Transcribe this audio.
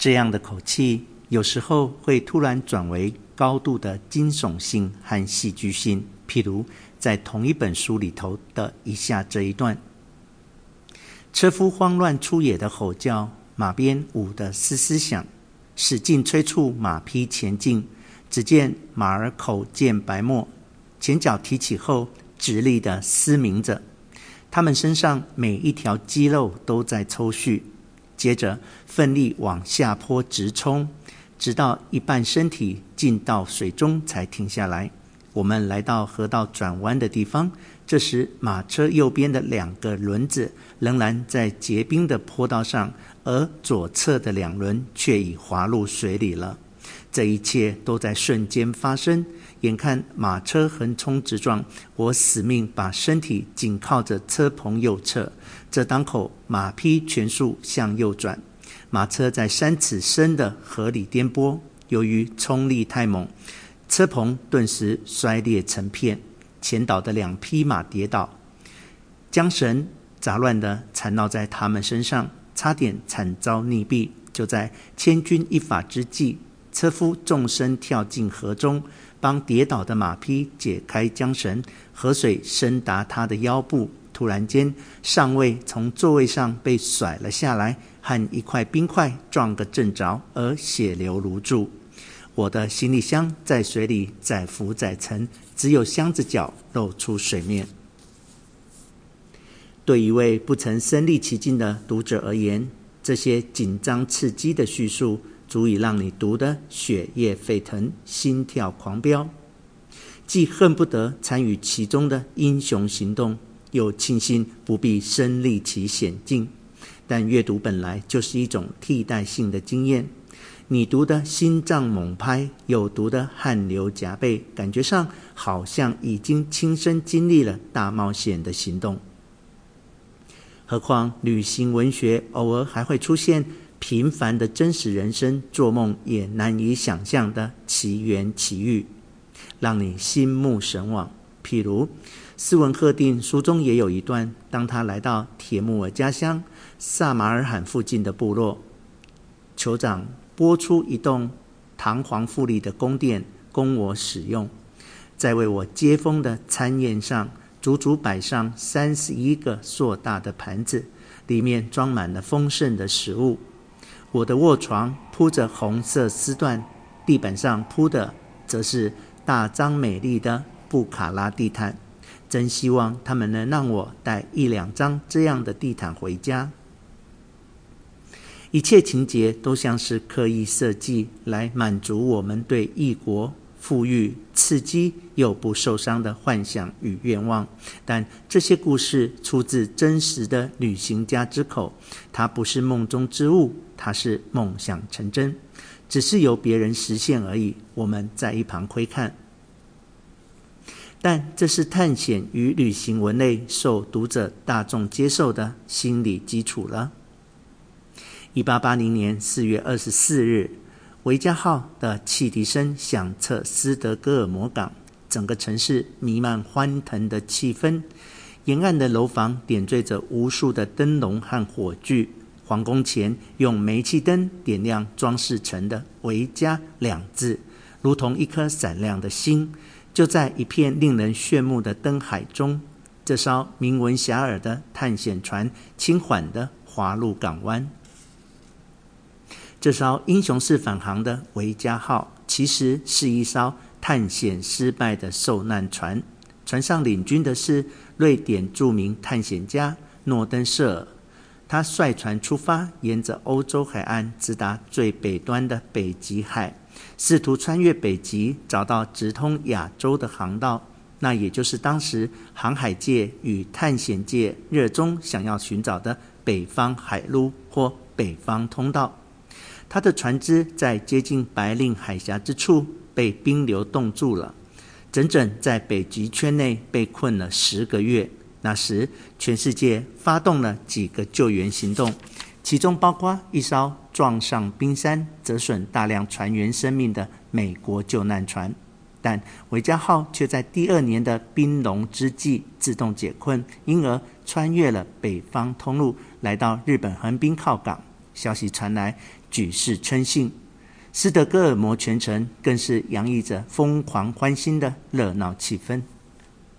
這樣的口氣有時候會突然轉為高度的驚悚性和戲劇性，譬如在同一本書裡頭的以下這一段：車夫慌亂出野的吼叫，馬鞭舞得嘶嘶響，使勁催促馬匹前進。只見馬兒口濺白沫，前腳提起後直立的嘶鳴着，他們身上每一條肌肉都在抽搐。接着奮力往下坡直衝，直到一半身體浸到水中才停下來。我們來到河道轉彎的地方，這時馬車右邊的兩個輪子仍然在結冰的坡道上，而左側的兩輪卻已滑入水裡了。這一切都在瞬間發生。眼看馬車橫衝直撞，我死命把身體緊靠着車棚右側。這當口，馬匹全速向右轉，馬車在三尺深的河裡顛簸。由於衝力太猛，車棚頓時摔裂成片，前倒的兩匹馬跌倒，韁繩雜亂地纏繞在他們身上，差點慘遭溺斃。就在千鈞一髮之際。車夫縱身跳進河中，幫跌倒的馬匹解開韁繩。河水深達他的腰部。突然間，上尉從座位上被甩了下來，和一塊冰塊撞個正着，而血流如注。我的行李箱在水裡載浮載沉，只有箱子角露出水面。對一位不曾身歷其境的讀者而言，這些緊張刺激的敘述。足以讓你讀得血液沸騰、心跳狂飆，既恨不得參與其中的英雄行動，又慶幸不必身歷其險境。但閱讀本來就是一種替代性的經驗，你讀得心臟猛拍，又讀得汗流浹背，感覺上好像已經親身經歷了大冒險的行動。何況旅行文學偶爾還會出現平凡的真實人生，做夢也難以想象的奇緣奇遇，讓你心目神往。譬如斯文赫定書中也有一段：當他來到鐵木爾家鄉薩馬爾罕附近的部落，酋長撥出一棟堂皇富麗的宮殿供我使用，在為我接風的餐宴上，足足擺上三十一個碩大的盤子，裡面裝滿了豐盛的食物。我的臥床鋪着紅色絲緞，地板上鋪的則是大張美麗的布卡拉地毯。真希望他們能讓我帶一兩張這樣的地毯回家。一切情節都像是刻意設計來滿足我們對異國。富裕、刺激又不受傷的幻想與願望，但這些故事出自真實的旅行家之口，它不是夢中之物，它是夢想成真，只是由別人實現而已。我們在一旁窺看，但這是探險與旅行文類受讀者大眾接受的心理基礎了。一八八零年四月二十四日。維加號的汽笛聲響徹斯德哥爾摩港，整個城市瀰漫歡騰的氣氛。沿岸的樓房點綴着無數的燈籠和火炬，皇宮前用煤氣燈點亮，裝飾成的“維加”兩字，如同一顆閃亮的星，就在一片令人炫目的燈海中，這艘名聞遐迩的探險船輕緩地滑入港灣。這艘英雄式返航的維加號，其實是一艘探險失敗的受難船。船上領軍的是瑞典著名探險家諾登舍爾，他率船出發，沿着歐洲海岸直達最北端的北極海，試圖穿越北極，找到直通亞洲的航道。那也就是當時航海界與探險界熱衷想要尋找的北方海路或北方通道。他的船隻在接近白令海峽之處被冰流凍住了，整整在北極圈內被困了十個月。那時，全世界發動了幾個救援行動，其中包括一艘撞上冰山、折損大量船員生命的美國救難船。但維加號卻在第二年的冰融之際自動解困，因而穿越了北方通路，來到日本橫濱靠港。消息傳來，舉世稱幸，斯德哥爾摩全城更是洋溢着瘋狂歡欣的熱鬧氣氛。